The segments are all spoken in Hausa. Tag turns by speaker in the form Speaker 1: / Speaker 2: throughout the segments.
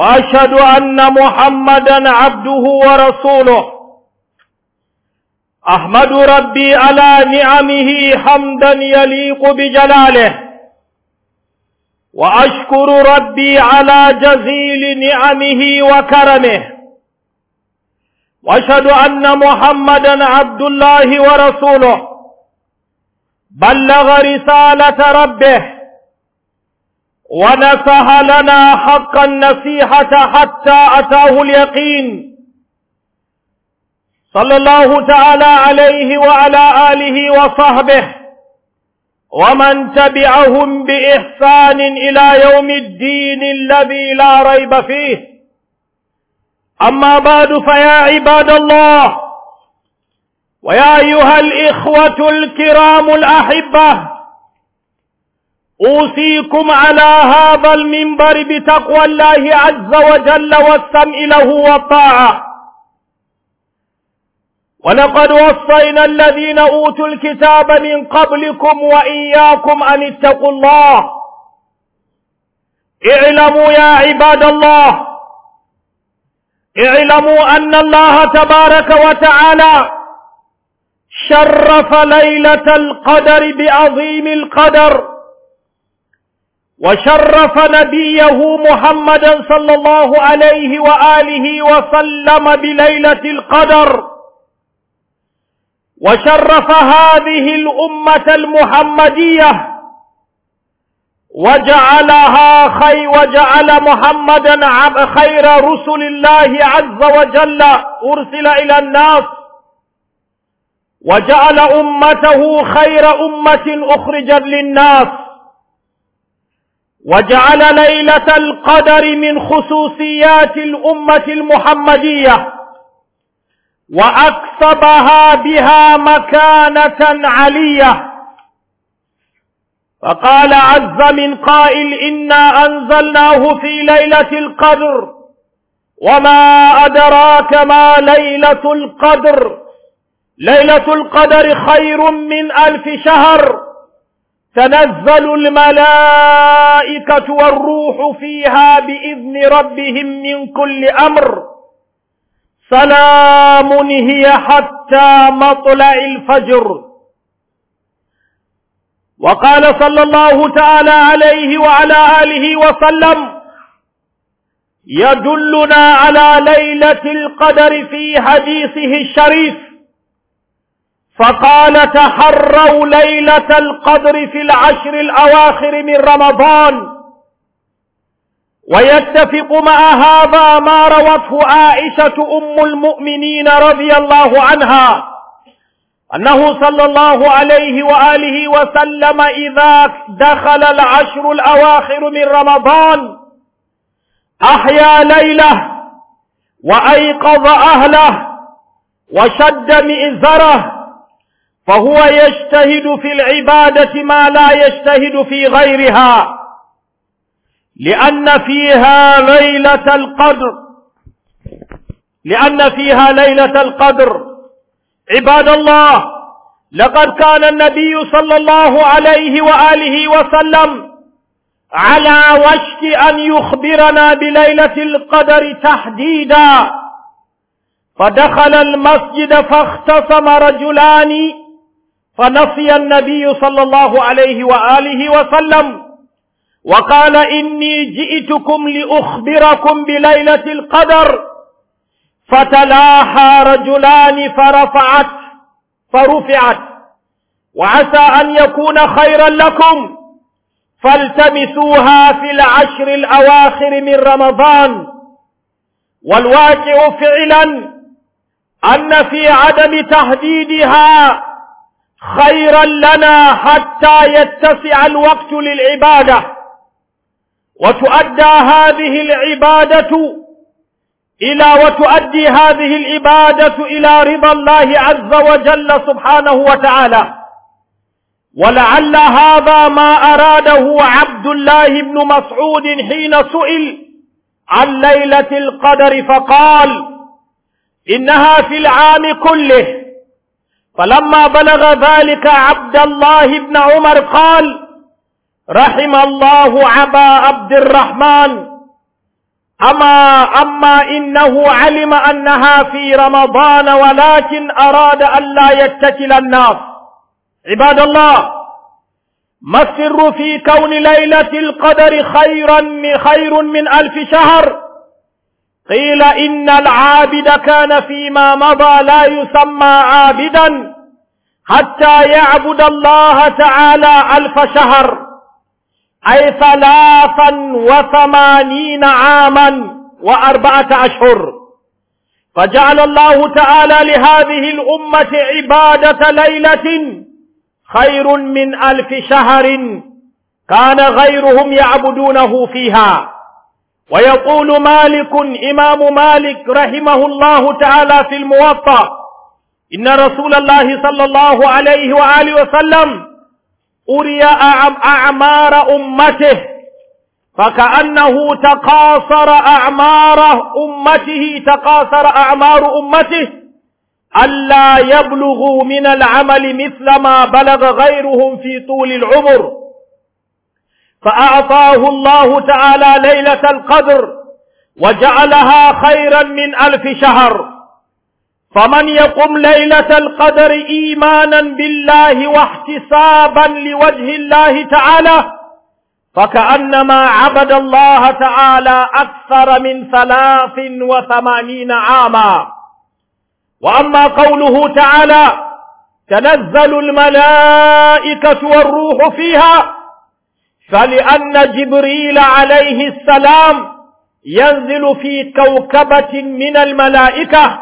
Speaker 1: واشهد ان محمدا عبده ورسوله احمد ربي على نعمه حمدا يليق بجلاله واشكر ربي على جزيل نعمه وكرمه واشهد ان محمدا عبد الله ورسوله بلغ رساله ربه ونفه لنا حق النصيحة حتى أتاه اليقين صلى الله تعالى عليه وعلى آله وصحبه ومن تبعهم بإحسان إلى يوم الدين الذي لا ريب فيه أما بعد فيا عباد الله ويا أيها الإخوة الكرام الأحبة أوصيكم على هذا المنبر بتقوى الله عز وجل والسمع له والطاعة ولقد وصينا الذين أوتوا الكتاب من قبلكم وإياكم أن اتقوا الله اعلموا يا عباد الله اعلموا أن الله تبارك وتعالى شرف ليلة القدر بعظيم القدر وشرف نبيه محمدا صلى الله عليه وآله وسلم بليلة القدر وشرف هذه الأمة المحمدية وجعلها خير وجعل محمدا خير رسل الله عز وجل أرسل إلى الناس وجعل أمته خير أمة أخرجت للناس وجعل ليلة القدر من خصوصيات الأمة المحمدية وأكسبها بها مكانة علية فقال عز من قائل إنا أنزلناه في ليلة القدر وما أدراك ما ليلة القدر ليلة القدر خير من ألف شهر تنزل الملائكة والروح فيها بإذن ربهم من كل أمر سلام هي حتى مطلع الفجر وقال صلى الله تعالى عليه وعلى آله وسلم يدلنا على ليلة القدر في حديثه الشريف فقال تحروا ليلة القدر في العشر الأواخر من رمضان ويتفق مع هذا ما روته عائشة أم المؤمنين رضي الله عنها أنه صلى الله عليه وآله وسلم إذا دخل العشر الأواخر من رمضان أحيا ليله وأيقظ أهله وشد مئزره فهو يجتهد في العبادة ما لا يجتهد في غيرها لأن فيها ليلة القدر لأن فيها ليلة القدر عباد الله لقد كان النبي صلى الله عليه وآله وسلم على وشك أن يخبرنا بليلة القدر تحديدا فدخل المسجد فاختصم رجلان فنصي النبي صلى الله عليه وآله وسلم وقال إني جئتكم لأخبركم بليلة القدر فتلاحى رجلان فرفعت فرفعت وعسى أن يكون خيرا لكم فالتمسوها في العشر الأواخر من رمضان والواقع فعلا أن في عدم تهديدها خيرا لنا حتى يتسع الوقت للعبادة وتؤدى هذه العبادة إلى وتؤدي هذه العبادة إلى رضا الله عز وجل سبحانه وتعالى ولعل هذا ما أراده عبد الله بن مسعود حين سئل عن ليلة القدر فقال إنها في العام كله فلما بلغ ذلك عبد الله بن عمر قال رحم الله عبا عبد الرحمن أما أما إنه علم أنها في رمضان ولكن أراد أن لا يتكل الناس عباد الله ما السر في كون ليلة القدر خيرا خير من ألف شهر قيل إن العابد كان فيما مضى لا يسمى عابدا حتى يعبد الله تعالى ألف شهر أي ثلاثا وثمانين عاما وأربعة أشهر فجعل الله تعالى لهذه الأمة عبادة ليلة خير من ألف شهر كان غيرهم يعبدونه فيها ويقول مالك إمام مالك رحمه الله تعالى في الموطأ إن رسول الله صلى الله عليه وآله وسلم أري أعمار أمته فكأنه تقاصر أعمار أمته تقاصر أعمار أمته ألا يبلغوا من العمل مثل ما بلغ غيرهم في طول العمر فأعطاه الله تعالى ليلة القدر وجعلها خيرا من ألف شهر فمن يقم ليلة القدر إيمانا بالله واحتسابا لوجه الله تعالى فكأنما عبد الله تعالى أكثر من ثلاث وثمانين عاما وأما قوله تعالى تنزل الملائكة والروح فيها فلأن جبريل عليه السلام ينزل في كوكبة من الملائكة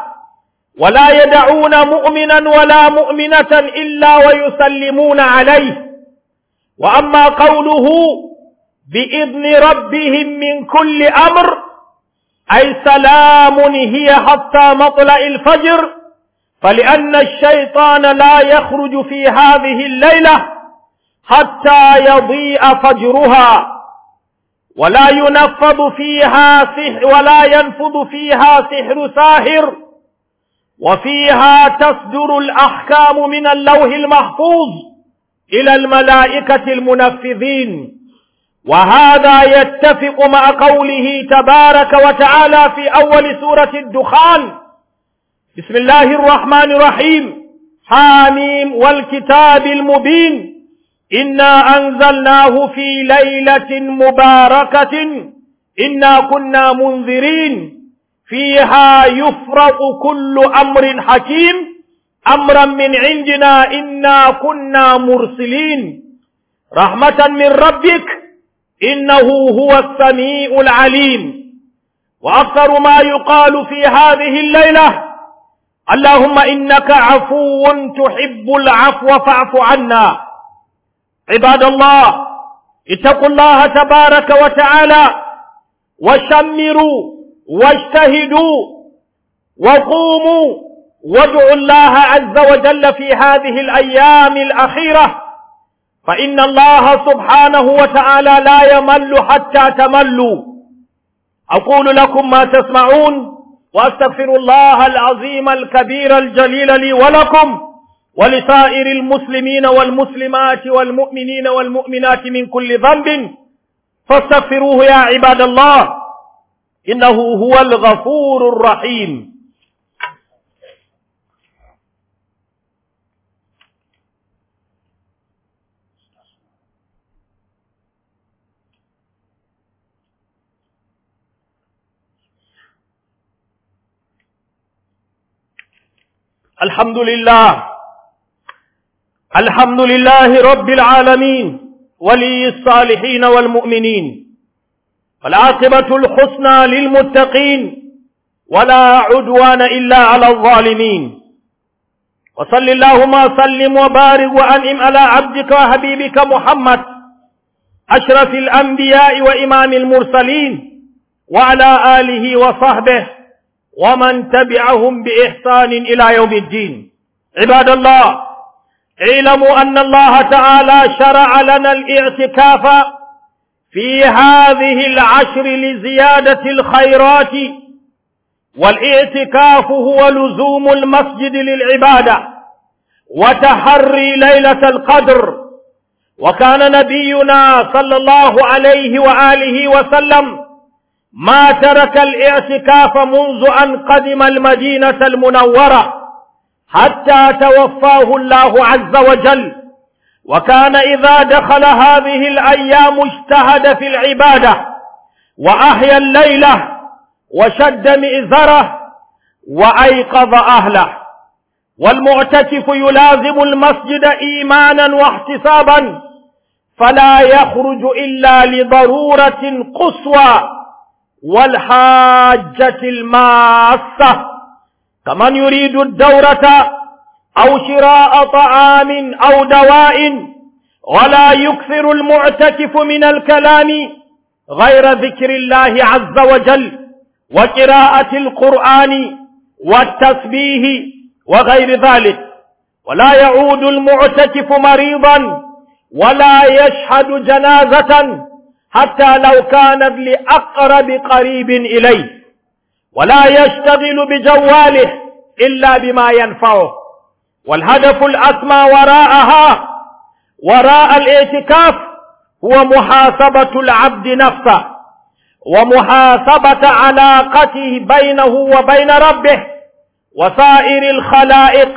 Speaker 1: ولا يدعون مؤمنا ولا مؤمنة إلا ويسلمون عليه وأما قوله بإذن ربهم من كل أمر أي سلام هي حتى مطلع الفجر فلأن الشيطان لا يخرج في هذه الليلة حتى يضيء فجرها ولا ينفض فيها سحر ولا ينفض فيها سحر ساهر وفيها تصدر الأحكام من اللوح المحفوظ إلى الملائكة المنفذين وهذا يتفق مع قوله تبارك وتعالى في أول سورة الدخان بسم الله الرحمن الرحيم حاميم والكتاب المبين إنا أنزلناه في ليلة مباركة إنا كنا منذرين فيها يفرق كل أمر حكيم أمرا من عندنا إنا كنا مرسلين رحمة من ربك إنه هو السميع العليم وأكثر ما يقال في هذه الليلة اللهم إنك عفو تحب العفو فاعف عنا عباد الله اتقوا الله تبارك وتعالى وشمروا واجتهدوا وقوموا وادعوا الله عز وجل في هذه الأيام الأخيرة فإن الله سبحانه وتعالى لا يمل حتى تملوا أقول لكم ما تسمعون وأستغفر الله العظيم الكبير الجليل لي ولكم ولسائر المسلمين والمسلمات والمؤمنين والمؤمنات من كل ذنب فاستغفروه يا عباد الله إنه هو الغفور الرحيم الحمد لله الحمد لله رب العالمين ولي الصالحين والمؤمنين والعاقبة الحسنى للمتقين ولا عدوان إلا على الظالمين وصل اللهم سلم وبارك وأنعم على عبدك وحبيبك محمد أشرف الأنبياء وإمام المرسلين وعلى آله وصحبه ومن تبعهم بإحسان إلى يوم الدين عباد الله اعلموا أن الله تعالى شرع لنا الاعتكاف في هذه العشر لزيادة الخيرات والاعتكاف هو لزوم المسجد للعبادة وتحري ليلة القدر وكان نبينا صلى الله عليه وآله وسلم ما ترك الاعتكاف منذ أن قدم المدينة المنورة حتى توفاه الله عز وجل وكان إذا دخل هذه الأيام اجتهد في العبادة وأحيا الليلة وشد مئزره وأيقظ أهله والمعتكف يلازم المسجد إيمانا واحتسابا فلا يخرج إلا لضرورة قصوى والحاجة الماسة كمن يريد الدورة أو شراء طعام أو دواء ولا يكثر المعتكف من الكلام غير ذكر الله عز وجل وقراءة القرآن والتسبيه وغير ذلك ولا يعود المعتكف مريضا ولا يشهد جنازة حتى لو كانت لأقرب قريب إليه ولا يشتغل بجواله إلا بما ينفعه والهدف الأسمى وراءها وراء الاعتكاف هو محاسبة العبد نفسه ومحاسبة علاقته بينه وبين ربه وسائر الخلائق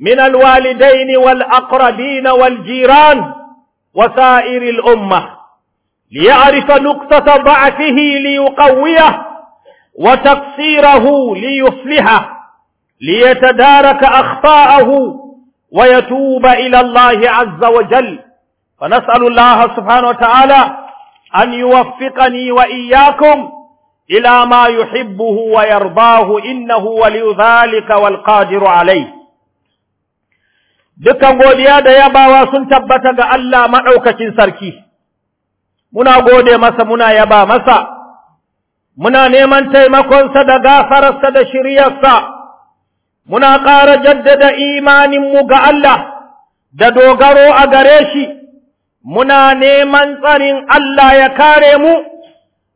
Speaker 1: من الوالدين والأقربين والجيران وسائر الأمة ليعرف نقطة ضعفه ليقويه وتقصيره ليصلحه ليتدارك أخطاءه ويتوب إلى الله عز وجل فنسأل الله سبحانه وتعالى أن يوفقني وإياكم إلى ما يحبه ويرضاه إنه ولي ذلك والقادر عليه dukan godiya da yabawa sun tabbata ga Allah maɗaukacin sarki, muna gode masa muna yaba masa, muna neman taimakonsa da gafararsa da shiryarsa, muna ƙara jaddada imaninmu ga Allah da dogaro a gare shi, muna neman tsarin Allah ya kare mu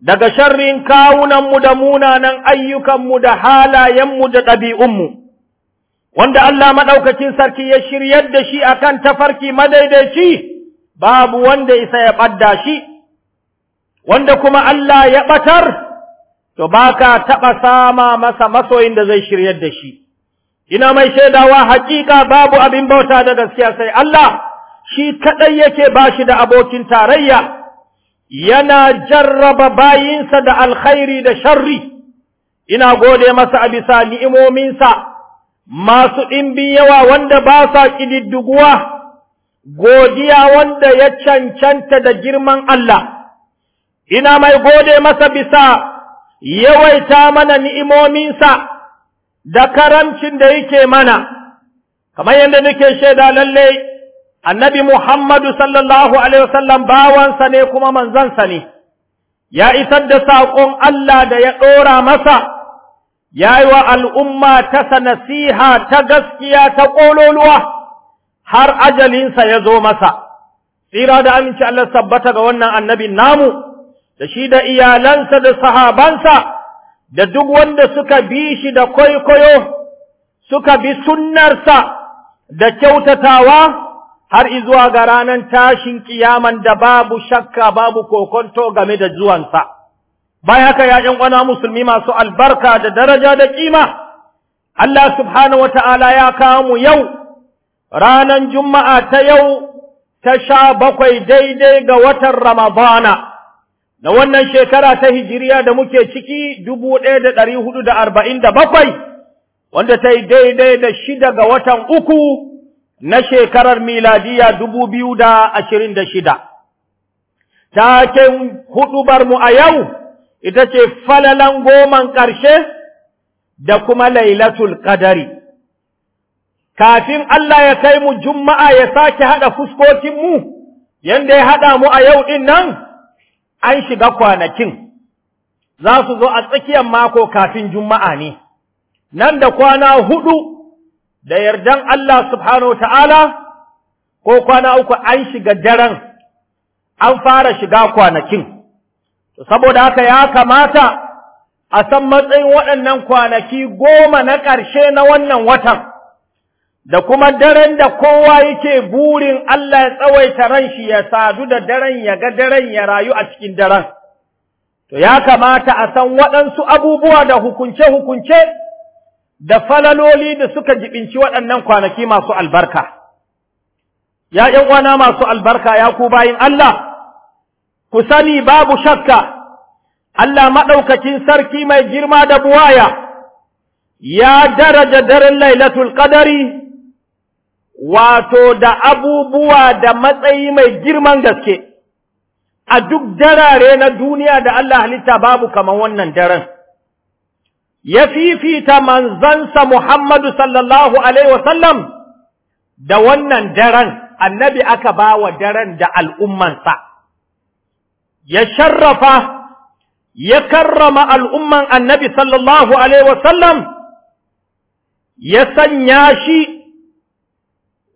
Speaker 1: daga sharrin kawunanmu da munanan ayyukanmu da halayenmu da ɗabi'unmu, wanda Allah maɗaukacin sarki ya shiryar da shi akan tafarki madaidaici babu wanda isa ya ɓadda shi, wanda kuma Allah ya ɓatar, to ba ka taɓa sama masa masoyin da zai shiryar da shi. ina mai shaidawa haƙiƙa babu abin bauta da gaskiya sai Allah shi kadai yake ba shi da abokin tarayya yana jarraba bayinsa da alkhairi da sharri ina gode masa a bisa ni'imominsa masu ɗimbin yawa wanda ba sa ƙididdiguwa godiya wanda ya cancanta da girman Allah ina mai gode masa bisa yawaita mana ni'imominsa da karamcin da yake mana kamar yadda nake shaida lalle annabi Muhammadu sallallahu alaihi wasallam bawansa ne kuma manzansa ne ya isar da saƙon Allah da ya ɗora masa ya yi wa al'umma ta nasiha ta gaskiya ta ƙololuwa har ajalinsa ya zo masa tsira da aminci Allah sabbata ga wannan annabin namu da shi da iyalansa da sahabansa da duk wanda suka bi shi da kwaikwayo suka bi sunnarsa da kyautatawa har izuwa ga ranar tashin kiyaman da babu shakka babu kokonto game da zuwansa. Bayan haka ‘ya'yan ƙwana musulmi masu albarka da daraja da ƙima, Allah subhanahu wa ta'ala ya kamu yau, ranar Juma'a ta yau ta sha bakwai daidai ga watan Ramadana. na wannan shekara ta hijiriya da muke ciki dubu ɗaya da ɗari hudu da arba'in da bakwai wanda ta yi daidai da shida ga watan uku na shekarar miladiya dubu biyu da ashirin da shida. Taken huɗubar a yau ita ce falalan goman ƙarshe da kuma lailatul ƙadari. Kafin Allah ya kai mu juma'a ya sake haɗa fuskokinmu, yadda ya haɗa mu a yau ɗin nan, an shiga kwanakin za su zo a tsakiyar mako kafin juma'a ne, nan da kwana hudu da yardan Allah subhanahu ta'ala ko kwana uku an shiga daren an fara shiga kwanakin. Saboda haka ya kamata a san matsayin waɗannan kwanaki goma na ƙarshe na wannan watan, da kuma daren da kowa yake burin Allah ya tsawaita ran shi ya sadu da daren ya ga daren ya rayu a cikin daren. To ya kamata a san waɗansu abubuwa da hukunce-hukunce da falaloli da suka jibinci waɗannan kwanaki masu albarka. Ya ‘yan'wana masu albarka ya ku bayin Allah, ku sani babu shakka, Allah maɗaukacin sarki mai girma da buwaya, ya daraja daren lailatul qadari wato da abubuwa da matsayi mai girman gaske a duk darare na duniya da Allah halitta babu kamar wannan daren. Ya fifita manzansa Muhammadu sallallahu Alaihi wasallam da wannan daren, annabi aka ba wa daren da al'ummansa, ya sharrafa, ya karrama al'umman annabi sallallahu Alaihi wasallam, ya sanya shi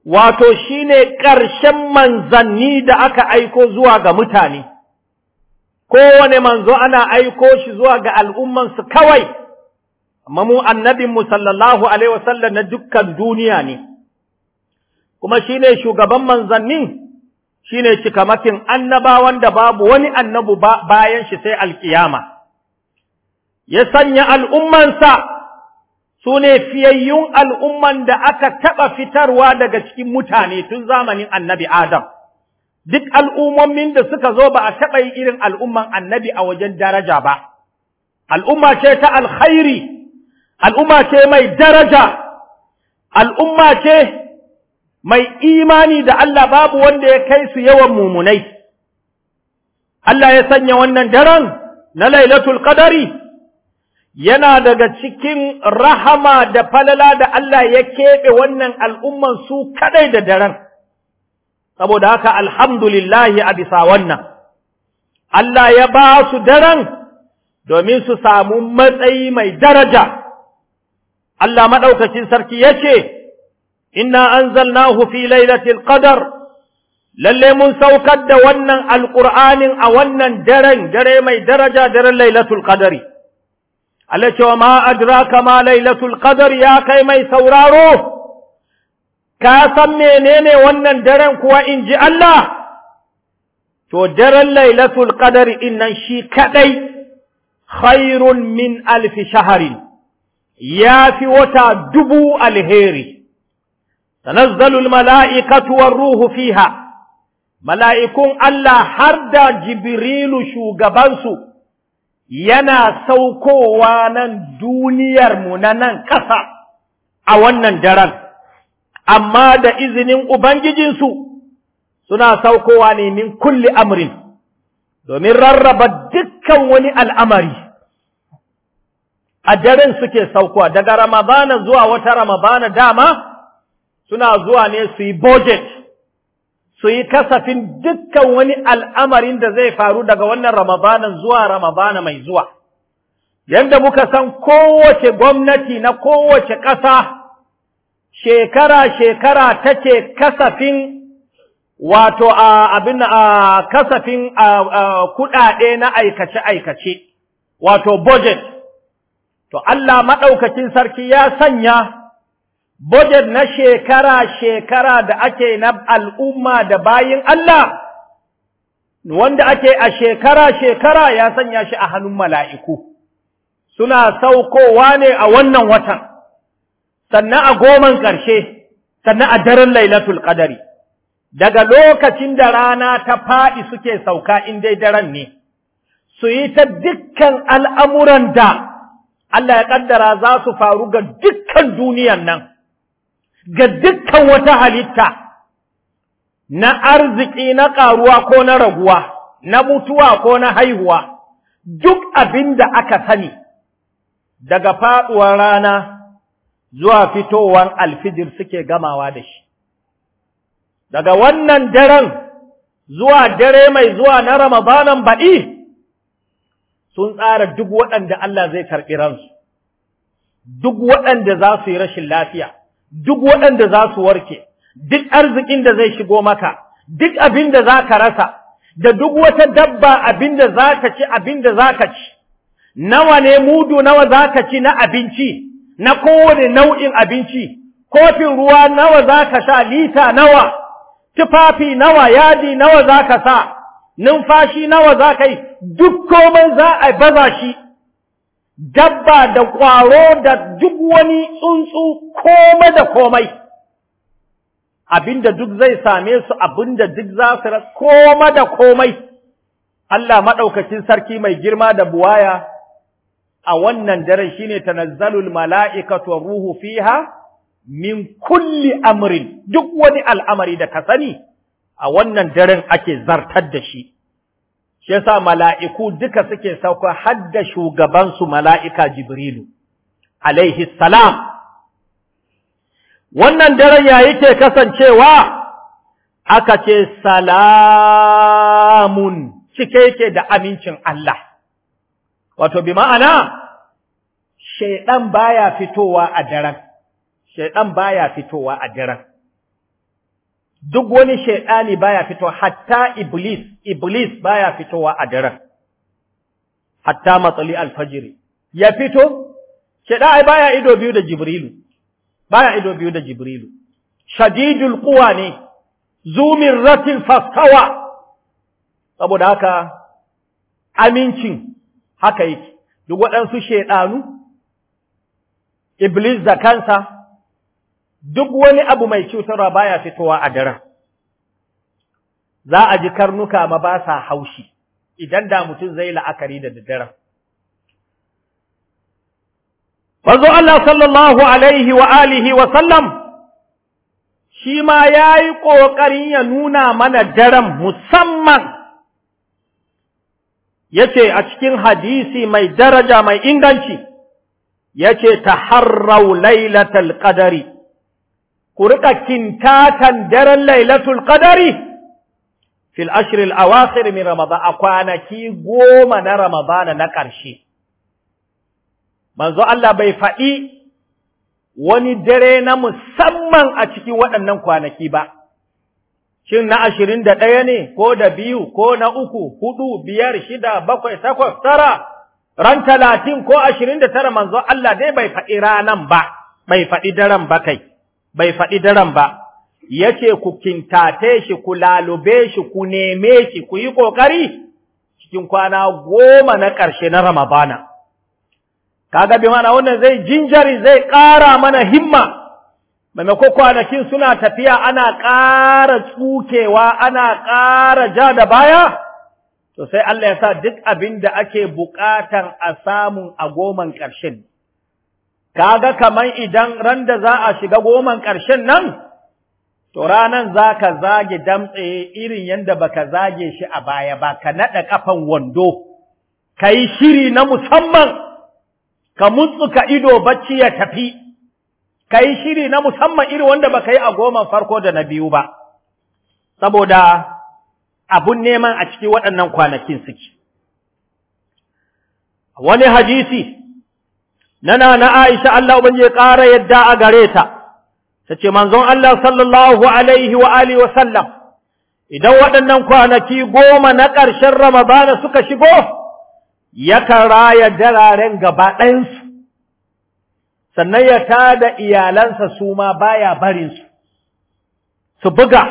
Speaker 1: wato shine ƙarshen manzanni da aka aiko zuwa ga mutane kowane manzo ana aiko shi zuwa ga al'ummansu kawai amma annabinmu sallallahu alaihi wasallam na dukkan duniya ne kuma shi ne shugaban manzanni shine cikamakin annabawan da babu wani annabu bayan shi sai alkiyama ya sanya al'ummansa su ne fiyayyun al'umman da aka taɓa fitarwa daga cikin mutane tun zamanin annabi Adam. Duk al'ummomin da suka zo ba a taɓa yi irin al'umman annabi a wajen daraja ba. Al'umma ce ta alkhairi, al'umma ce mai daraja, al'umma ce mai imani da Allah babu wanda ya kai su yawan mumunai. Allah ya sanya wannan daren na Lailatul Qadari. yana daga cikin rahama da falala da Allah ya keɓe wannan al'umman su kadai da daren, saboda haka alhamdulillahi a bisa wannan, Allah ya ba su daren domin su samu matsayi mai daraja, Allah maɗaukacin sarki ya ce, Inna an zalna fi lailatul qadar lalle mun saukar da wannan alƙur'anin a wannan daren, dare mai daraja daren lailatul qadari. Allah cewa ma adraka ma lailatul qadar ya kai mai sauraro ka san menene wannan daren kuwa in ji Allah to daren lailatul qadar innan shi kadai khairun min alfi shaharin ya fi wata dubu alheri tanazzalul mala'ikatu war ruhu fiha mala'ikun Allah har da jibrilu shugabansu yana saukowa nan duniyarmu na nan ƙasa a wannan daren, amma da izinin Ubangijinsu suna saukowa ne min kulli amrin, domin rarraba dukkan wani al'amari. A daren suke saukowa, daga Ramadana zuwa wata Ramadana dama suna zuwa ne su yi budget su yi kasafin dukkan wani al'amarin da zai faru daga wannan ramadanan zuwa ramadana mai zuwa. Yadda muka san kowace gwamnati na kowace ƙasa shekara-shekara take kasafin wato abin a kasafin kuɗaɗe na aikace-aikace, wato budget. To Allah maɗaukacin sarki ya sanya budget na shekara-shekara da ake na al'umma da bayin Allah, wanda ake a shekara-shekara ya sanya shi a hannun mala'iku, suna saukowa ne a wannan watan, sannan a goman ƙarshe, sannan a daren lailatul ƙadari, daga lokacin da rana ta faɗi suke sauka in dai daren ne, su yi ta dukkan al'amuran da Allah ya ƙaddara za su faru ga dukkan duniyan nan. ga dukkan wata halitta na arziki na ƙaruwa ko na raguwa, na mutuwa ko na haihuwa, duk abin da aka sani daga faɗuwar rana zuwa fitowar alfijir suke gamawa da shi. Daga wannan daren zuwa dare mai zuwa na Ramadanan baɗi sun tsara duk waɗanda Allah zai karɓi ransu, duk waɗanda za su yi rashin lafiya. duk waɗanda za su warke duk arzikin da zai shigo maka duk abin da za ka rasa da duk wata dabba abin da za ka ci abin da za ka ci nawa ne mudu nawa za ka ci na abinci na kowane nau'in abinci kofin ruwa nawa za ka sha lita nawa tufafi nawa yadi nawa za ka sa numfashi nawa za ka yi duk komai za a baza shi dabba da ƙwaro da duk wani tsuntsu koma da komai, abinda duk zai same su abinda duk za su komai da komai, Allah maɗaukacin sarki mai girma da buwaya a wannan daren shine tanazzalul mala'ikatu ruhu fiha min kulli amrin duk wani al'amari da ka sani a wannan daren ake zartar da shi. shi yasa mala'iku duka suke sauka hadda shugabansu mala'ika Jibrilu, alaihi salam. Wannan daren ya yake kasancewa aka ce salamun cike yake da amincin Allah, wato bi ma'ana, shaiɗan baya fitowa a daren, shaiɗan baya fitowa a daren. duk wani shaidani baya fito hatta iblis iblis baya fitowa a daren hatta matsali alfajiri ya fito shaidai baya ido biyu da jibrilu baya ido biyu da jibrilu shadidul quwa ne zumin ratin fastawa saboda haka amincin haka yake duk waɗansu shaiɗanu, iblis da kansa duk wani abu mai cutarwa baya fitowa a daren za a ji karnuka ma ba sa haushi idan da mutum zai la'akari da daddaren
Speaker 2: bazo Allah
Speaker 1: sallallahu alaihi wa alihi wa sallam shi ma ya yi ya nuna mana daren musamman yace a cikin hadisi mai daraja mai inganci yace taharrau ta harrau lailatul qadari ku riƙa kintatan daren lailatul qadari fil ashril awakhir min ramadan a kwanaki goma na ramadan na ƙarshe manzo Allah bai faɗi wani dare na musamman a cikin waɗannan kwanaki ba shin na ashirin da ɗaya ne ko da biyu ko na uku hudu biyar shida bakwai takwas tara ran talatin ko ashirin da tara manzo Allah dai bai faɗi ranan ba bai faɗi daren ba kai bai faɗi daren ba Ya ce ku kintate shi ku lalube shi ku neme shi ku yi ƙoƙari. cikin kwana goma na ƙarshe na Ramabana. kaga bi mana wannan zai jinjari zai ƙara mana himma maimako kwanakin suna tafiya ana ƙara tsukewa ana ƙara ja da baya Sosai Allah ya sa duk abin da ake buƙatan a samun a goman ƙarshen kaga kaman idan ran da za a shiga goman ƙarshen nan to ranan za ka zage damtse irin yadda baka zage shi a baya ba ka naɗa ƙafan wando ka yi shiri na musamman ka mutsu ka ido bacci ya tafi ka yi shiri na musamman irin wanda baka yi a goman farko da na biyu ba saboda abun neman a cikin waɗannan kwanakin suke wani hadisi nana na Aisha Allah ubangiji ya ƙara yadda a gare ta tace manzon Allah sallallahu alaihi wa alihi wa sallam idan waɗannan kwanaki goma na ƙarshen Ramadana suka shigo yakan raya dararen gaba ɗayansu sannan ya tada iyalansa su ma baya barin su su buga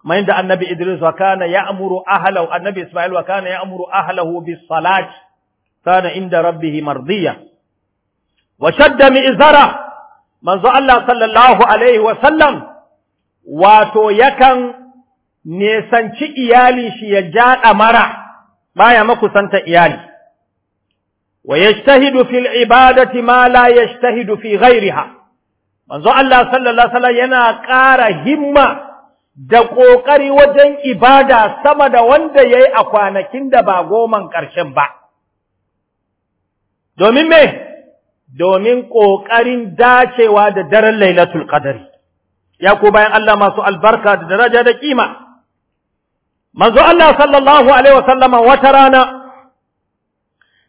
Speaker 1: kamar yadda annabi Idris wa kana ya'muru ahlahu annabi Isma'il wa kana ya'muru ahlahu bis salati kana inda rabbihi mardiya wa shadda mi'zara manzo Allah sallallahu alaihi wa sallam wato yakan nesanci iyali shi ya jaɗa mara baya makusanta iyali wa yajtahidu fil ibadati ma la yajtahidu fi ghairiha manzo Allah sallallahu alaihi wa sallam yana ƙara himma da ƙoƙari wajen ibada sama da wanda ya yi a kwanakin da ba goman ƙarshen ba. Domin me, domin ƙoƙarin dacewa da daren lailatul qadari ya ko bayan Allah masu albarka da daraja da kima manzo Allah sallallahu alaihi wasallama wata rana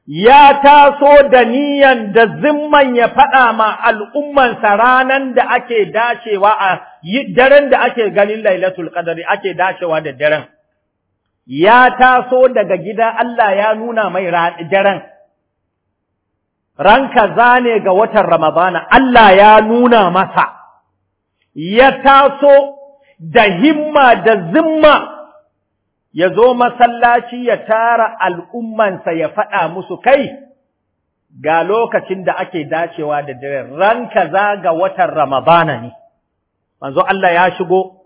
Speaker 1: ya taso da niyan da zimman ya faɗa ma al'ummansa ranan da ake dacewa a daren da ake ganin lailatul qadari ake dacewa da daren ya taso daga gida Allah ya nuna mai daren ranka zane ga watan Ramadana, Allah ya nuna masa, ya taso da himma da zimma, ya zo masallaci ya tara al'ummansa ya faɗa musu kai, ga lokacin da ake dacewa da dare, ranka za ga watan Ramadana ne, manzo Allah ya shigo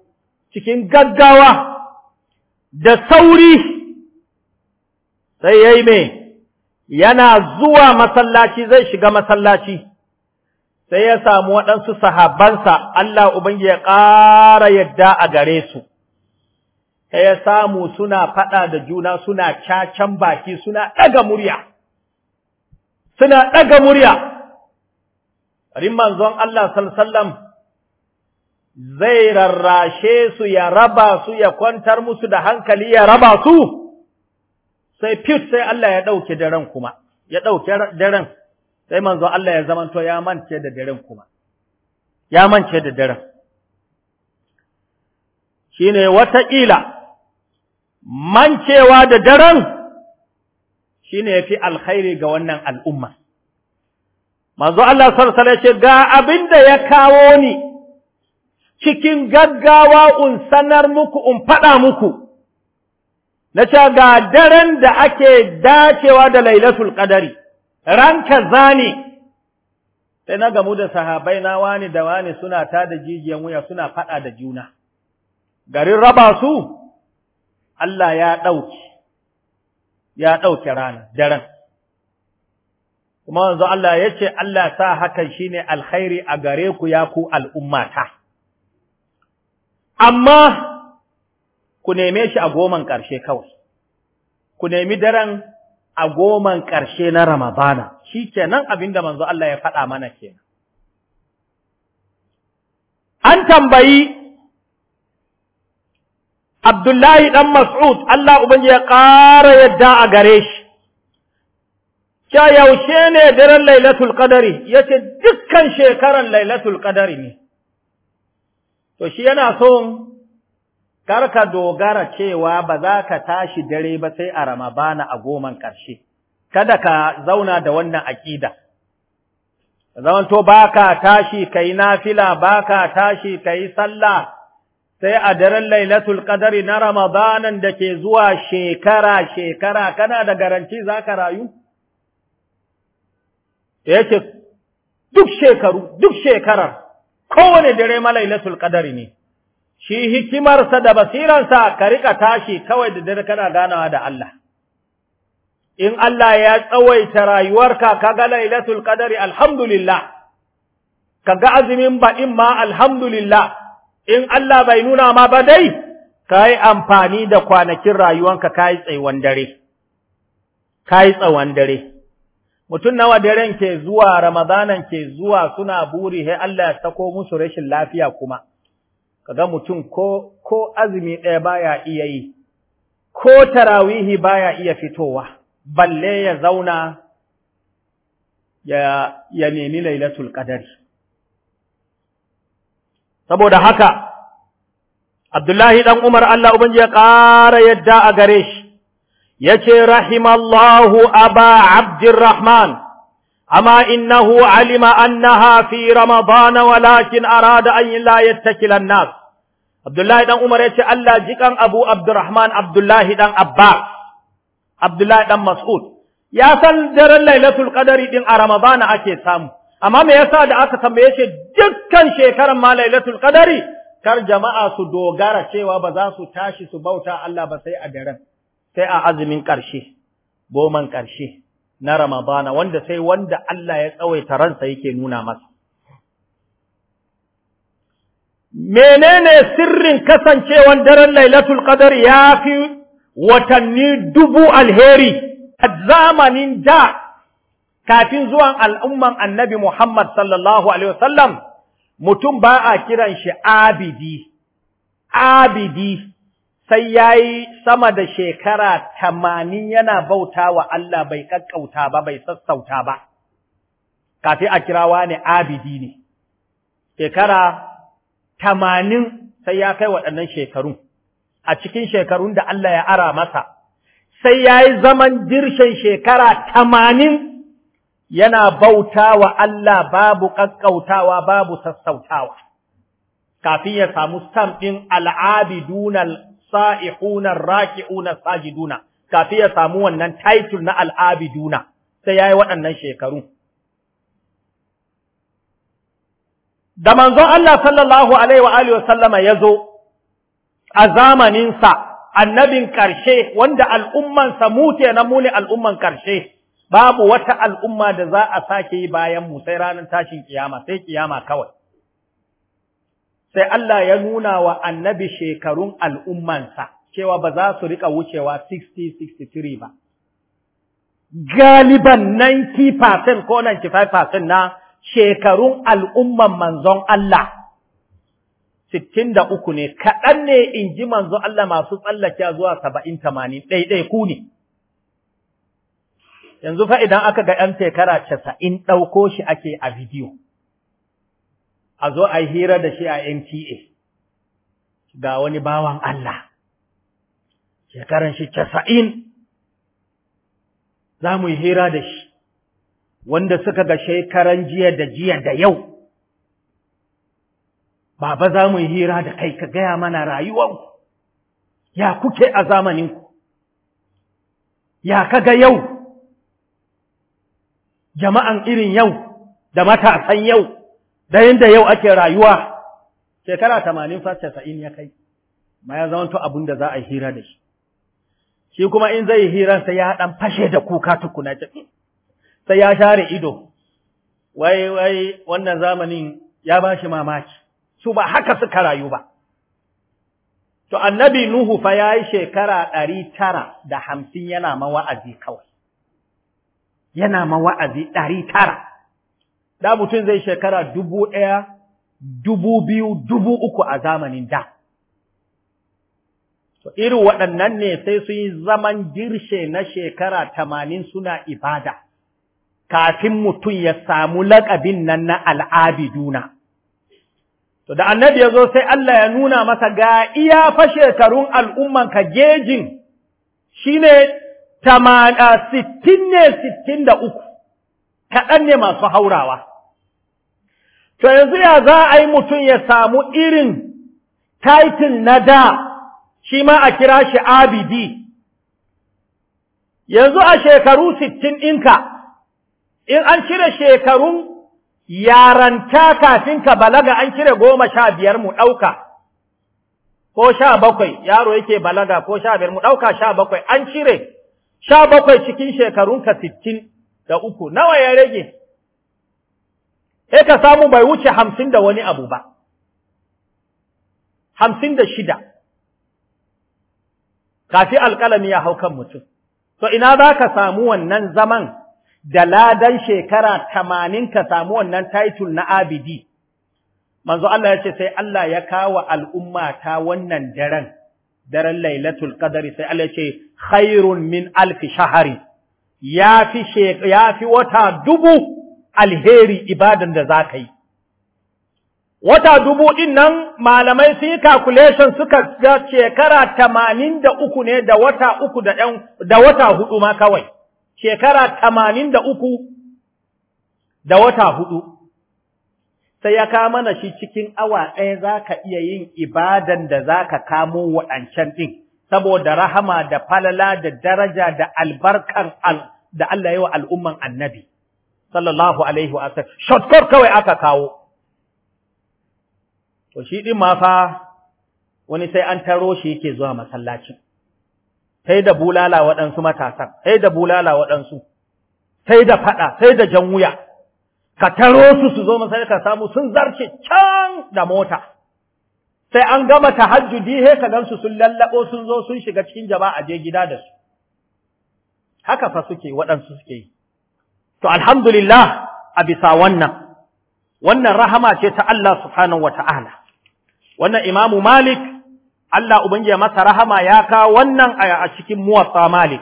Speaker 1: cikin gaggawa da sauri, sai ya yi mai. yana zuwa masallaci zai shiga masallaci sai ya samu waɗansu sahabansa Allah ubangi ya ƙara yadda a gare su sai ya samu suna faɗa da juna suna cacan baki suna ɗaga murya suna ɗaga murya rin manzon Allah sallallahu zai rarrashe su ya raba su ya kwantar musu da hankali ya raba su sai fit sai Allah ya dauke daren kuma ya dauke daren sai manzo Allah ya zamanto ya mance da daren kuma ya mance da daren shine wataƙila mancewa da daren shine yafi alkhairi ga wannan al'umma manzo Allah sallallahu alaihi wasallam ga abinda ya kawo ni cikin gaggawa un sanar muku un faɗa muku na ce ga daren da ake dacewa da lailatul qadari ranka zani, sai na gamu da sahabai na wani da wani suna ta da jijiyan wuya suna fada da juna garin raba su Allah ya dauki ya dauki rana daren kuma yanzu Allah ya ce Allah sa hakan shine alkhairi a gare ku ya ku al'ummata amma ku neme shi a goman ƙarshe kawai ku nemi daren a goman ƙarshe na Ramadana shi kenan abinda manzo Allah ya faɗa mana kenan an tambayi Abdullahi ɗan Mas'ud, Allah Ubangiji ya ƙara yadda a gare shi, Sha yaushe ne daren Lailatul Qadari, ya ce dukkan shekaran Lailatul Qadari ne, to shi yana son Kar ka dogara cewa ba za ka tashi dare ba sai a ramabana a goman ƙarshe, kada ka zauna da wannan aƙida. Zamanto ba ka tashi ka yi nafila, ba ka tashi ka yi sallah, sai a daren lailatul ƙadari na ramabanan da ke zuwa shekara-shekara, kana da garanti za ka rayu? Yake duk shekaru, duk shekarar, kowane dare ma lailatul ƙadari ne. shi hikimarsa da basiransa ka rika tashi kawai da dare kana ganawa da Allah in Allah ya tsawaita rayuwarka ga lailatul qadari alhamdulillah ka ga azumin baɗin ma alhamdulillah in Allah bai nuna ma ba dai kai amfani da kwanakin rayuwanka kai tsaiwan dare
Speaker 2: kai tsawon
Speaker 1: dare mutum nawa daren ke zuwa ramadanan ke zuwa suna buri he Allah ya sako musu rashin lafiya kuma kaga mutum ko ko azumi ɗaya baya iya yi ko tarawihi baya iya fitowa balle ya zauna ya ya nemi lailatul qadari saboda haka Abdullahi dan Umar Allah ubangiji ya ƙara yadda a gare shi yace rahimallahu aba abdurrahman أما إنه علم أنها في رمضان ولكن arada أن لا يتكل nas. Abdullahi dan Umar ya ce Allah jikan Abu Abdurrahman Abdullahi dan Abbas Abdullahi dan Mas'ud ya san daren Lailatul Qadari din a Ramadana ake samu amma me yasa da aka tambaye shi dukkan shekarar ma Lailatul Qadari kar jama'a su dogara cewa ba za su tashi su bauta Allah ba sai a daren sai a azumin ƙarshe goman ƙarshe na Ramadana wanda sai wanda Allah ya tsawaita ransa yake nuna masa menene sirrin kasancewan daren lailatul qadar ya fi watanni dubu alheri a zamanin da kafin zuwan al'umman annabi Muhammad sallallahu Alaihi wasallam mutum ba a kiran shi abidi, abidi sai ya yi sama da shekara tamanin yana bauta wa Allah bai kakkauta ba, bai sassauta ba, kafin a kirawa ne abidi ne, shekara tamanin sai ya kai waɗannan shekarun a cikin shekarun da Allah ya ara masa sai ya yi zaman dirshen shekara tamanin yana bauta wa Allah babu ƙaƙƙautawa babu sassautawa kafin ya samu stamp ɗin al'abiduna sa'ihuna raki'una sajiduna kafin ya samu wannan title na al'abiduna sai ya yi waɗannan shekaru da manzon Allah sallallahu alaihi wa alihi wasallama ya zo a zamaninsa annabin ƙarshe wanda al'ummansa mu na mu ne al'umman ƙarshe babu wata al'umma da za a sake yi bayan mu sai ranar tashin ƙiyama sai ƙiyama kawai sai Allah ya nuna wa annabi shekarun al'ummansa cewa ba za su rika wucewa 60-63 ba galiban 90% ko 95% na shekarun al'umman manzon Allah sittin da uku ne, kaɗan ne in ji manzon Allah masu tsallake zuwa saba'in tamanin ɗaiɗai ku ne. Yanzu fa idan aka ga ‘yan shekara casa'in ɗauko shi ake a bidiyo, a zo a yi hira da shi a NTA ga wani bawan Allah, shekaran shi casa'in za mu yi hira da shi. wanda suka ga shekaran jiya da jiya da yau baba za mu hira da kai ka gaya mana rayuwanku ya kuke a zamaninku ya ka ga yau jama'an irin yau da matasan yau da yadda yau ake rayuwa shekara tamanin fasta sa'in ya kai ma ya zamanto abin da za a hira da shi shi kuma in zai sai ya ɗan fashe da kuka tukuna ce hmm, sai ya share ido wai wai wannan zamanin ya ba shi mamaki su ba haka suka rayu ba to annabi nuhu fa ya yi shekara ɗari tara da hamsin yana mawa'azi kawai yana mawa'azi ɗari tara da mutum zai shekara dubu ɗaya dubu biyu dubu uku a zamanin da to irin waɗannan ne sai su yi zaman dirshe na shekara tamanin suna ibada kafin mutum ya samu laƙabin nan na al'abiduna. To da annabi ya zo sai Allah ya nuna masa ga iya fa shekarun al'ummanka gejin shi ne ah, sittin ne sittin da uku, kaɗan ne masu haurawa. To yanzu ya za a yi mutum ya samu irin taitin na da shi ma a kira shi abidi, yanzu a shekaru sittin ɗinka. in an cire shekaru yaranta kafin ka balaga an cire goma sha biyar mu ɗauka ko sha bakwai yaro yake balaga ko sha biyar mu ɗauka sha bakwai an cire sha bakwai cikin shekarunka sittin da uku nawa ya rage sai ka samu bai wuce hamsin da wani abu ba hamsin da shida kafi alƙalami ya hau kan mutum to ina za ka samu wannan zaman da ladan shekara tamanin ka samu wannan titul na abidi manzo Allah ya ce sai Allah ya kawo al'umma ta wannan daren daren lailatul qadari sai Allah ya ce khairun min alfi shahari yafi yafi wata dubu alheri ibadan da za ka yi wata dubu din nan malamai sun yi calculation suka ga shekara tamanin da uku ne da wata uku da da wata hudu ma kawai shekara tamanin da uku da wata hudu, sai ya kama na shi cikin awa ɗaya za ka iya yin ibadan da za ka kamo waɗancan ɗin, saboda rahama da falala da daraja da albarkan da Allah yi wa al'umman annabi, sallallahu Alaihi wa'asar, shortcut kawai aka kawo. To, shi ɗin mafa wani sai an taro shi yake zuwa masallacin. sai da bulala waɗansu matasan, sai da bulala waɗansu, sai da faɗa, sai da jan wuya, ka taro su su zo masai ka samu sun zarce can da mota, sai an gama ta tahajjudi he ka gansu sun lallaɓo sun zo sun shiga cikin jama'a je gida da su. Haka fa suke waɗansu suke yi. To alhamdulillah a bisa wannan, wannan rahama ce ta Allah subhanahu wa ta'ala. Wannan Imamu Malik Allah Ubangiji masa rahama ya kawo wannan a cikin muwatsa Malik.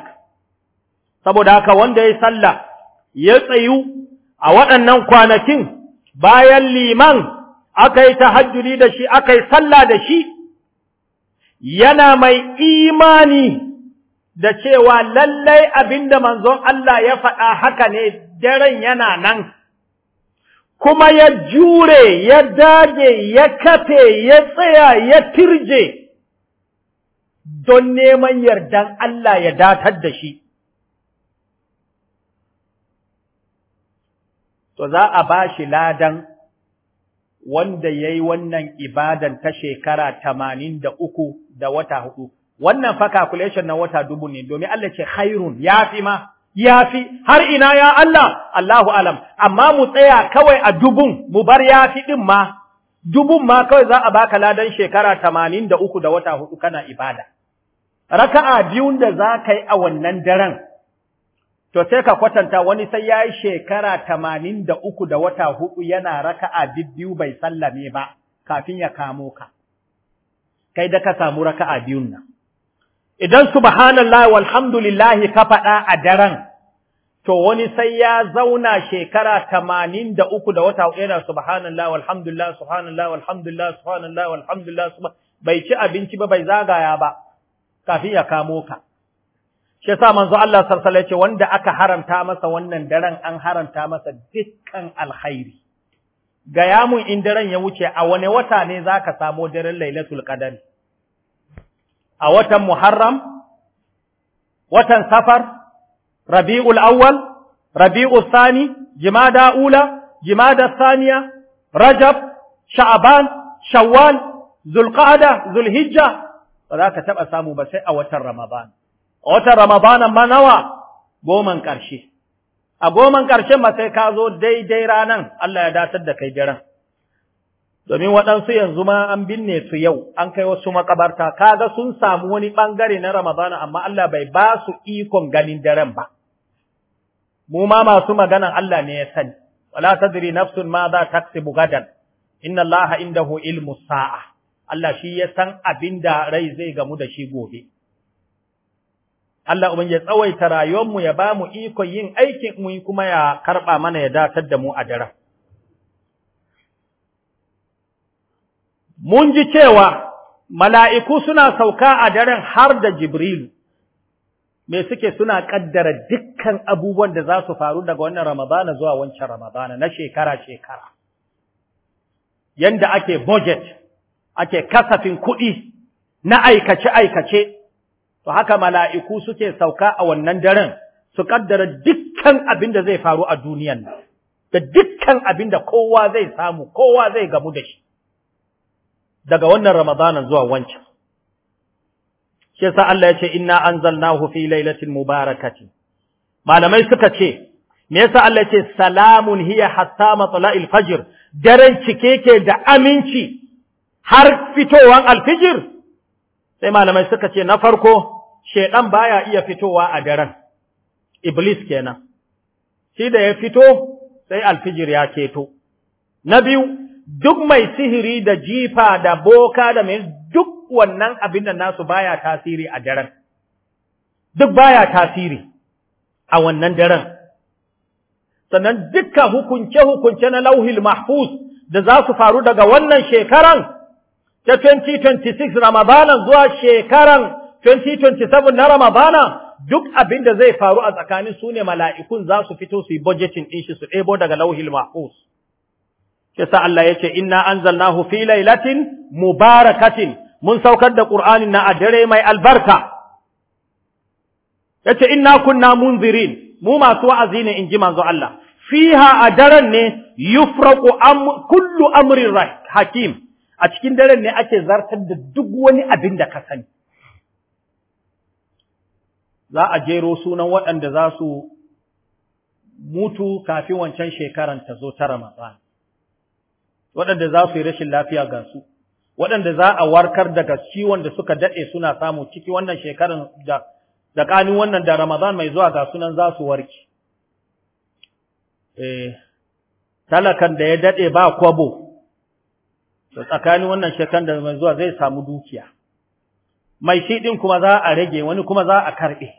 Speaker 1: Saboda haka wanda ya sallah ya tsayu a waɗannan kwanakin bayan liman aka yi tahajjudi da shi aka yi sallah da shi yana mai imani da cewa lallai abinda manzon Allah ya faɗa haka ne daren yana nan. Kuma ya jure, ya dage, ya kafe, ya tsaya, ya tirje. don neman yardan Allah ya datar da shi. To za a ba shi ladan wanda ya yi wannan ibadan ta shekara tamanin da uku da wata hudu. Wannan fa calculation na wata dubu ne domin Allah ce khairun ya fi ma, ya fi har ina ya Allah, Allahu alam, amma mu tsaya kawai a dubun mu bar ya fi ɗin ma. dubun ma kawai za a baka ladan shekara tamanin da uku da wata hudu kana ibada. raka'a biyun da za ka yi a wannan daren, to sai ka kwatanta wani sai ya yi shekara tamanin da uku da wata hudu yana raka'a biyu bai sallame ba kafin ya kamo ka, kai da ka samu raka'a biyun nan. Idan subhanallah walhamdulillahi ka faɗa a daren, to wani sai ya zauna shekara tamanin da uku da wata hudu yana subhanallah walhamdulillah subhanallah walhamdulillah subhanallah walhamdulillah bai ci abinci ba bai zagaya ba. kafin ya kamo ka shi yasa manzo Allah sallallahu alaihi wasallam wanda aka haramta masa wannan daren an haramta masa dukkan alkhairi ga yamun in daren ya wuce a wane wata ne zaka samu daren Lailatul qadar a watan Muharram watan Safar Rabiul Awwal Rabiul Thani Jimada Ula Jimada Thaniya Rajab Sha'ban Shawwal Zulqa'da Zulhijja ba za ka taɓa samu ba sai a watan Ramadan. A watan Ramadan ma nawa goman ƙarshe. A goman ƙarshen ba sai ka zo daidai ranan Allah ya datar da kai daren. Domin waɗansu yanzu ma an binne su yau, an kai wasu makabarta, kaga sun samu wani ɓangare na Ramadan amma Allah bai ba su ikon ganin daren ba. Mu ma masu maganan Allah ne ya sani, wala tadri nafsun ma za taksibu gadan, inna Allah indahu ilmu sa'a. Allah shi ya san abin da rai zai gamu da shi gobe. Allah uban ya tsawaita rayuwarmu ya ba mu ikon yin aikin mu kuma ya karɓa mana ya datar da mu a daren. Mun ji cewa mala'iku suna sauka a daren har da Jibril me suke suna ƙaddara dukkan abubuwan da za su faru daga wannan Ramadana zuwa wancan Ramadana na shekara-shekara, yanda ake budget. ake kasafin kuɗi na aikace-aikace, to haka mala'iku suke sauka a wannan daren su ƙaddara dukkan abin da zai faru a duniyan nan, da dukkan abin da kowa zai samu, kowa zai gamu da shi, daga wannan Ramadanan zuwa wancan. Shi sa Allah ya ce, Inna an zalna hufi lailatin mubarakati. Malamai suka ce, Me yasa Allah ya ce, Salamun hiya hatta matsala Fajir, daren cike ke da aminci har fitowan alfijir sai malamai suka ce na farko shedan baya iya fitowa a daren iblis kenan shi da ya fito sai alfijir ya keto na biyu duk mai sihiri da jifa da boka da mai duk wannan abin da nasu baya tasiri a daren duk baya tasiri a wannan daren sannan dukka hukunce-hukunce na lauhil mahfuz da za su faru daga wannan shekaran ta 2026 Ramadana zuwa shekaran 2027 na Ramadana duk abin da zai faru a tsakanin su ne mala'ikun za su fito su yi budgeting ɗin shi su ɗebo daga lauhil mahfuz. Kisa Allah ya ce, Inna an fi lailatin mubarakatin, mun saukar da ƙur'anin na a dare mai albarka. Yace ce, Inna kunna munzirin, mu masu wa'azi ne in ji manzo Allah. Fiha a daren ne yufraku kullu amrin hakim, a cikin daren ne ake zartar da duk wani abin da ka sani za a jero sunan waɗanda za su mutu kafin wancan shekaran ta zo ta Ramadan waɗanda za su yi rashin lafiya ga su waɗanda za a warkar daga ciwon da suka daɗe suna samu ciki wannan shekaran da da wannan da Ramadan mai zuwa ga sunan za su warke eh talakan da ya daɗe ba kwabo to tsakanin wannan shekan da mai zuwa zai samu dukiya mai shi din kuma za a rage wani kuma za a karbe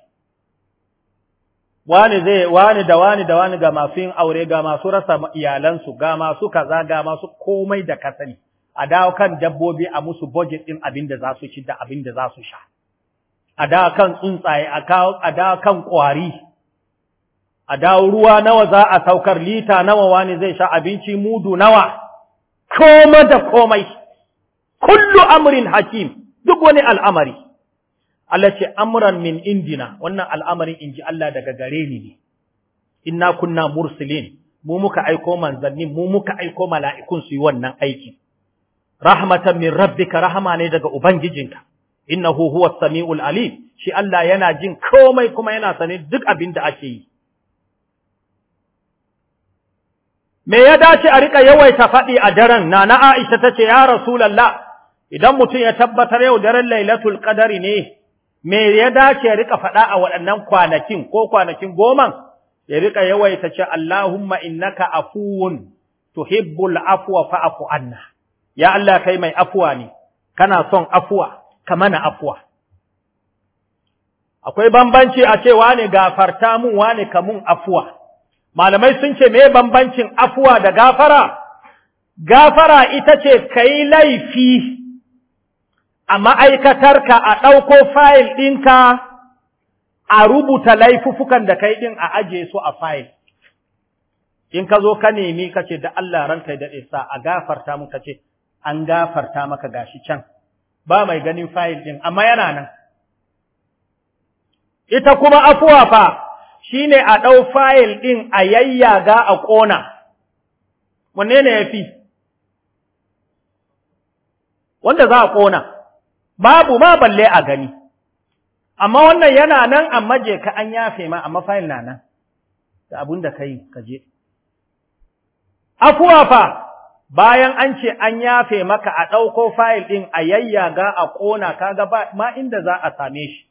Speaker 1: wani zai wani da wani da wani ga masu yin aure ga masu rasa iyalansu ga masu kaza ga masu komai da kasani a dawo kan dabbobi a musu budget din abin da za su ci da abin da za su sha a dawo kan tsuntsaye a dawo kan kwari a dawo ruwa nawa za a saukar lita nawa wani zai sha abinci mudu nawa koma da komai kullu amrin hakim duk wani al'amari Allah ce amran min indina wannan al'amarin inji Allah daga gare ni ne inna kunna mursilin mu muka aiko manzannin mu muka aiko mala'ikun su yi wannan aiki rahmatan min rabbika rahama ne daga ubangijinka innahu huwas samiul Ali? shi Allah yana jin komai kuma yana sanin duk abin da ake yi me ya dace a rika yawaita faɗi a daren na na Aisha tace ya Rasulullah idan mutum ya tabbatar yau daren Lailatul Qadari ne me ya dace ya rika faɗa a waɗannan kwanakin ko kwanakin goma ya rika yawaita ce Allahumma innaka afuwun tuhibbul afwa fa'fu anna ya Allah kai mai afuwa ne kana son afuwa ka mana afuwa akwai bambanci a ce wane gafarta mun wane kamun afuwa malamai sun ce me bambancin afuwa da gafara gafara ita ce ka yi laifi a ma'aikatarka a ɗauko fayil ɗinka a rubuta laifufukan da kai ɗin a ajiye su a fayil in ka zo ka nemi ka ce da Allah ranka da daɗe sa a gafarta mu ka ce an gafarta maka gashi can ba mai ganin fayil ɗin amma yana nan ita kuma afuwa fa Shi ne a ɗau fayil ɗin a yayyaga a ƙona, wanne ne ya fi? Wanda za a ƙona, babu ma balle a gani, amma wannan yana nan amma je ka an yafe ma, amma fayil na nan, da abin da ka yi ka je. afuwafa bayan an ce an yafe maka a ɗauko fayil ɗin a yayyaga a ƙona kaga ba ma inda za a same shi.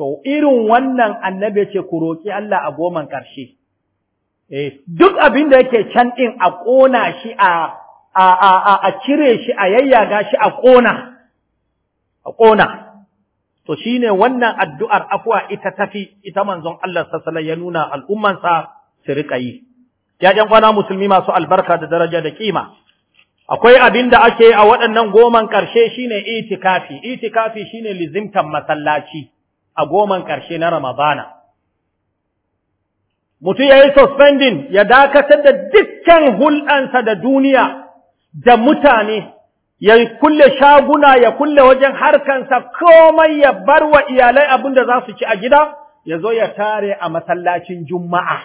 Speaker 1: To, irin wannan annabi ce ku roƙi Allah a goman ƙarshe, eh, duk abin da yake can ɗin a ƙona shi a cire shi a yayyaga shi a ƙona, a ƙona. To shi ne wannan addu'ar afuwa ita tafi ita manzon Allah sassala ya nuna al'ummansa su riƙa yi. ‘Ya'yan kwana musulmi masu albarka da daraja da kima. Akwai abin da ake a waɗannan goman ƙarshe shi ne itikafi, itikafi shi ne lizimtan masallaci. a goman ƙarshe na Ramadana. Mutum ya yi suspending ya dakatar da dukkan hulɗansa da duniya da mutane, ya kulle shaguna, ya kulle wajen harkansa, komai ya bar wa iyalai abin da za su ci a gida, ya zo ya tare a masallacin Juma'a.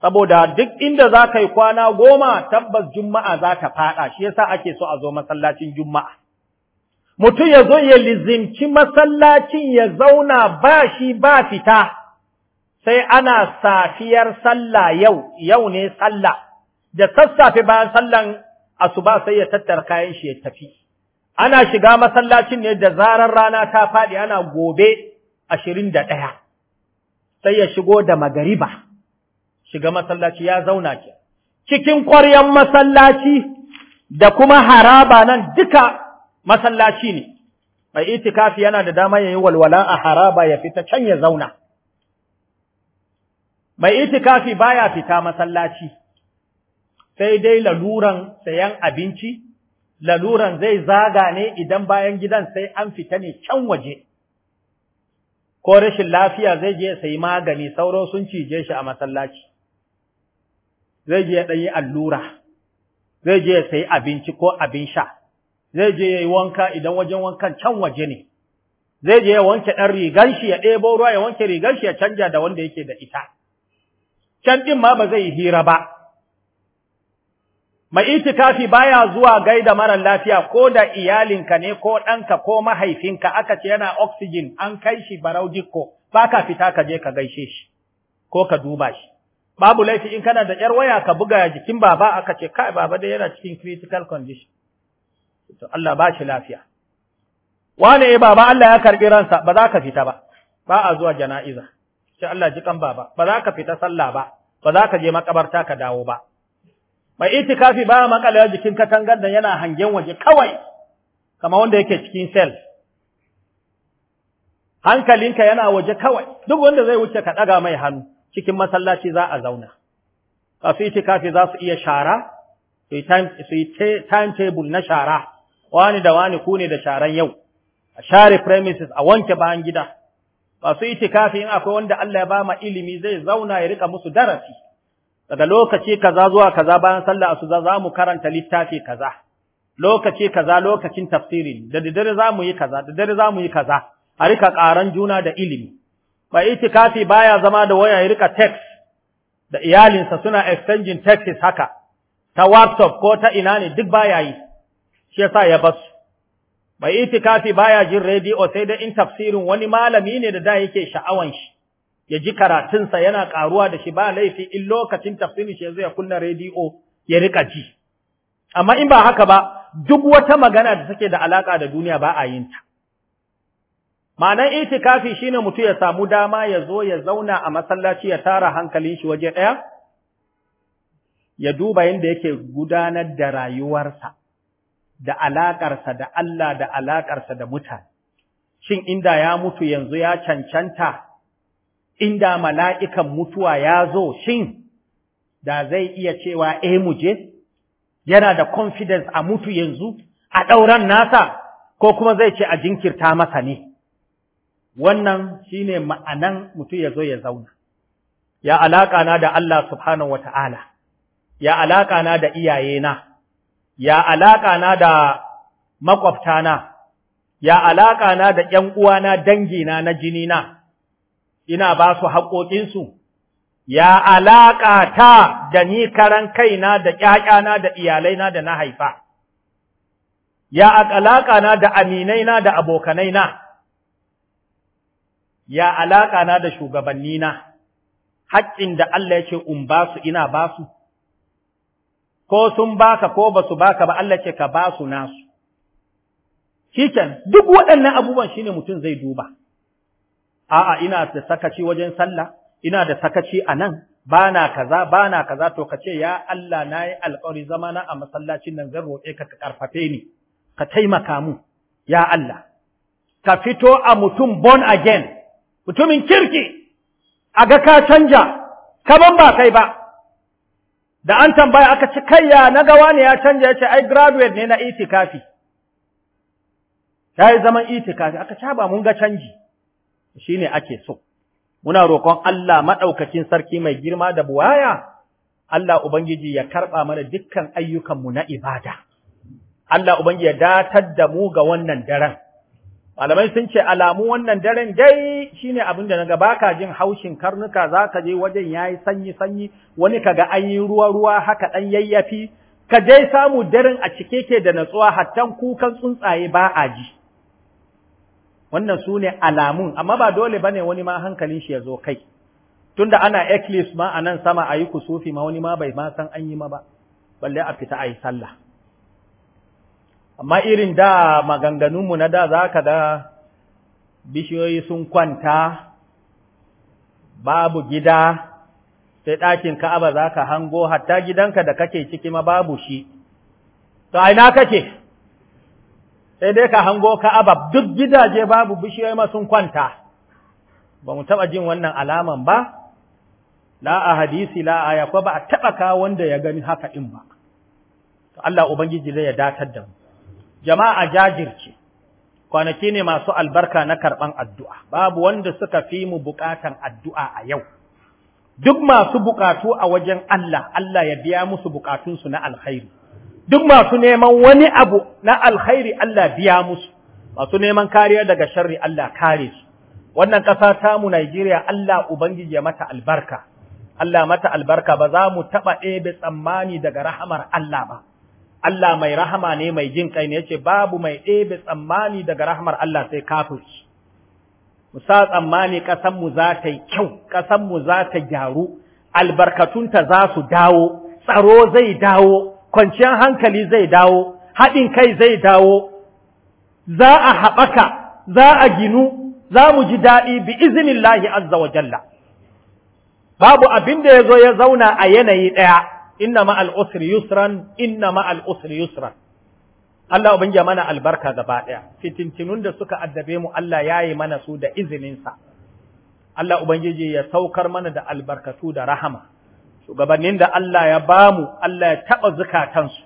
Speaker 1: Saboda duk inda za ka yi kwana goma tabbas Juma'a za ta faɗa, shi yasa ake so a zo masallacin Juma'a. mutum ya zo ya lizimci masallacin ya zauna ba shi ba fita, sai ana safiyar sallah yau, yau ne sallah, da sassafe bayan sallan asuba sai ya tattara kayan shi ya tafi. Ana shiga masallacin ne da zarar rana ta faɗi ana gobe ashirin da ɗaya, sai ya shigo da magariba, shiga masallaci ya zauna ke. Cikin ƙwaryan masallaci da kuma haraba nan duka masallaci ne mai itikafi yana da dama yayi walwala a haraba ya fita can ya zauna mai itikafi baya fita masallaci sai dai laluran sayan abinci laluran zai zaga ne idan bayan gidan sai an fita ne can waje ko rashin lafiya zai je sai magani sauro sun cije shi a masallaci zai je ya yi allura zai je ya sayi abinci ko abin sha zai je ya yi wanka idan wajen wankan can waje ne zai je ya wanke ɗan rigar shi ya ɗebo ruwa ya wanke rigar shi ya canja da wanda yake da ita can ɗin ma ba zai hira ba mai itikafi baya zuwa gaida marar lafiya ko da iyalinka ne ko ɗanka ko mahaifinka aka ce yana oxygen an kai shi barau jikko ba ka fita ka je ka gaishe shi ko ka duba shi babu laifi in kana da ƴar waya ka buga jikin baba aka ce kai baba dai yana cikin critical condition to Allah ba shi lafiya wane eh baba Allah ya karbi ransa ba za ka fita ba ba a zuwa jana'iza sai Allah ji kan baba ba za ka fita sallah ba ba za ka je makabarta ka dawo ba mai itikafi ba makala jikin katangar da yana hangen waje kawai kamar wanda yake cikin sel hankalinka yana waje kawai duk wanda zai wuce ka daga mai hannu cikin masallaci za a zauna kafi itikafi za su iya shara su yi time table na shara wani da wani ku ne da sharan yau a share premises a wanke bayan gida masu itikafi in akwai wanda Allah ya ba ma ilimi zai zauna ya rika musu darasi daga lokaci kaza zuwa kaza bayan sallah su za za mu karanta littafi kaza lokaci kaza lokacin tafsiri da dare za mu yi kaza da dare za mu yi kaza a rika karan juna da ilimi ba itikafi baya zama da waya ya rika text da iyalinsa suna exchanging texts haka ta WhatsApp ko ta ina ne duk baya yi shi yasa ya basu mai itikafi baya jin rediyo sai dai in tafsirin wani malami ne da da yake sha'awan shi ya ji karatunsa yana karuwa da shi ba laifi in lokacin tafsirin shi ya kunna rediyo ya rika ji amma in ba haka ba duk wata magana da take da alaka da duniya ba a yin ta ma'anar itikafi shine mutum ya samu dama ya zo ya zauna a masallaci ya tara hankalin shi waje daya ya duba yadda yake gudanar da rayuwarsa da alaƙarsa da Allah da alaƙarsa da mutane. Shin inda ya mutu yanzu ya cancanta, inda mala'ikan mutuwa ya zo, shin da zai iya cewa eh muje, yana da confidence a mutu yanzu, a ɗauran nasa, ko kuma zai ce a jinkirta masa ne. Wannan shine ne ma'anan mutu ya zo ya zauna. Ya alaƙa na da Allah subhanahu wa ta'ala, ya alaƙa na da iyayena. ya alaka na da makwabtana ya alaka na da yan uwana dangina na jini na ina ba su haƙoƙinsu ya alaka ta da ni karan kaina da na da iyalaina da na haifa ya alaka na da aminaina da abokanaina ya alaka na da na? haƙƙin da Allah ya ce in ba su ina ba su ko sun baka ko ba su baka ba Allah ce ka ba su nasu shiken duk waɗannan abubuwan shi ne mutum zai duba a'a ina da sakaci wajen sallah ina da sakaci a nan ba na kaza ba na kaza to ka ce ya Allah na yi alƙawari zama na a masallacin nan zan roƙe ka ka ƙarfafe ni ka taimaka mu ya Allah ka fito a mutum born again mutumin kirki a ga ka canja ban ba kai ba da an tambaya aka ci kayya na gawa ne ya canja ya ce ai graduate ne na itikafi ya yi zaman itikafi aka caba mun ga canji shi ne ake so muna roƙon Allah maɗaukacin sarki mai girma da buwaya Allah Ubangiji ya karɓa mana dukkan ayyukanmu na ibada Allah Ubangiji ya datar da mu ga wannan daren malamai sun ce alamu wannan daren dai shine abin da naga baka jin haushin karnuka za ka je wajen yayi sanyi sanyi wani kaga an yi ruwa ruwa haka ɗan yayyafi ka dai samu daren a cike ke da natsuwa hattan kukan tsuntsaye ba a ji wannan sune alamun amma ba dole bane wani ma hankalin shi ya zo kai tunda ana eclipse ma anan sama ayi kusufi ma wani ma bai ma san an yi ma ba balle a fita ayi sallah amma irin da maganganunmu na da za ka da bishiyoyi sun kwanta babu gida sai ɗakin ka'aba za ka hango hatta gidanka da kake ciki ma babu shi to aina kake sai dai ka hango ka'aba duk gidaje babu bishiyoyi ma sun kwanta ba mu taɓa jin wannan alaman ba la a hadisi la a yakwa ba a taɓa kawo wanda ya gani haka in ba Allah Ubangiji zai ya datar da mu jama'a jajirce kwanaki ne masu albarka na karɓan addu'a babu wanda suka fi mu buƙatan addu'a a yau duk masu buƙatu a wajen Allah Allah ya biya musu buƙatunsu na alkhairi duk masu neman wani abu na alkhairi Allah biya musu masu neman kariya daga sharri Allah kare su wannan ƙasa tamu Najeriya Allah ubangiji ya mata albarka Allah mata albarka ba za mu taɓa ɗebe tsammani daga rahamar Allah ba Allah mai rahama ne mai jin kai ne yace babu mai ɗebe tsammani daga rahmar Allah sai kafirci mu sa tsammani ƙasar mu za ta yi kyau ƙasar mu za ta gyaru albarkatunta za su dawo tsaro zai dawo kwanciyar hankali zai dawo haɗin kai zai dawo za a haɓaka za a ginu za mu ji daɗi bi izinin lahi azza wa babu abin da ya zo ya zauna a yanayi ɗaya inna ma'al usri yusran inna ma'al usri yusran Allah ubangi mana albarka gaba daya fitintinun da suka addabe mu Allah yayi mana su da izinin sa Allah ubangiji ya saukar mana da albarkatu da rahama shugabannin da Allah ya bamu Allah ya taba zukatansu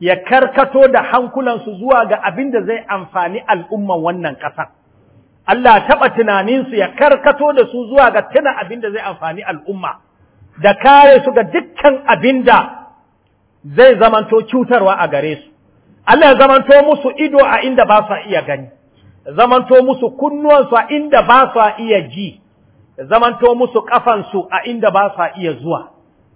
Speaker 1: ya karkato da hankulansu zuwa ga abin da zai amfani al'umma wannan ƙasa. Allah taɓa tunaninsu ya karkato da su zuwa ga tuna abin da zai amfani al'umma, da kare su ga dukkan abinda zai zamanto cutarwa a gare su. Allah ya zamanto musu ido a inda ba su iya gani, zamanto musu kunnuwansu a inda ba su iya ji, zamanto musu ƙafansu a inda ba su iya zuwa,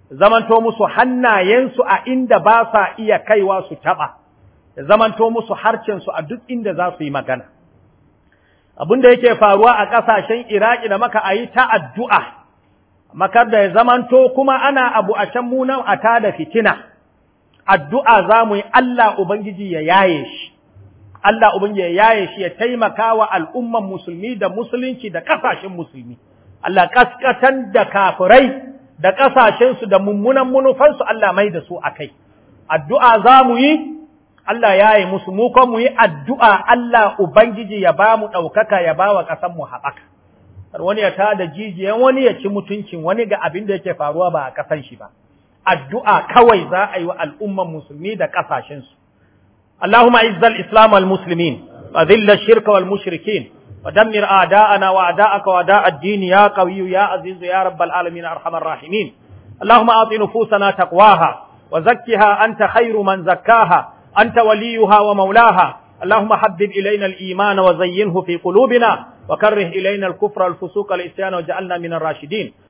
Speaker 1: zamanto musu hannayensu a inda ba su iya kaiwa su taɓa, zamanto musu harcensu a duk inda za su yi magana. Abin da yake faruwa a ƙasashen Iraki da maka a yi ta addu'a. makar da ya zamanto kuma ana abu a can munan a tada fitina addu'a za mu yi Allah Ubangiji ya yaye shi Allah Ubangiji ya yaye shi ya taimaka wa al'umman musulmi da musulunci da ƙasashen musulmi Allah kaskatan da kafirai da ƙasashensu da mummunan munufansu Allah mai da su a kai addu'a za mu yi Allah ya yi musu mu mu yi addu'a Allah Ubangiji ya ba mu ɗaukaka ya ba wa mu haɓaka wani ya tada jijiyan wani ya ci mutuncin wani ga abin da yake faruwa ba a kasan shi ba addu'a kawai za a yi wa al'umman musulmi da kasashen su Allahumma izzal islam al muslimin wa dhilla shirka wal mushrikin wa dammir a'da'ana wa a'da'aka wa da'a ad-din ya qawiyyu ya azizu ya rabbal alamin arhamar rahimin Allahumma ati nufusana taqwaha wa zakkiha anta khairu man zakkaha anta waliyuha wa maulaha اللهم حبب إلينا الإيمان وزينه في قلوبنا وكره إلينا الكفر والفسوق الإسيان وجعلنا من الراشدين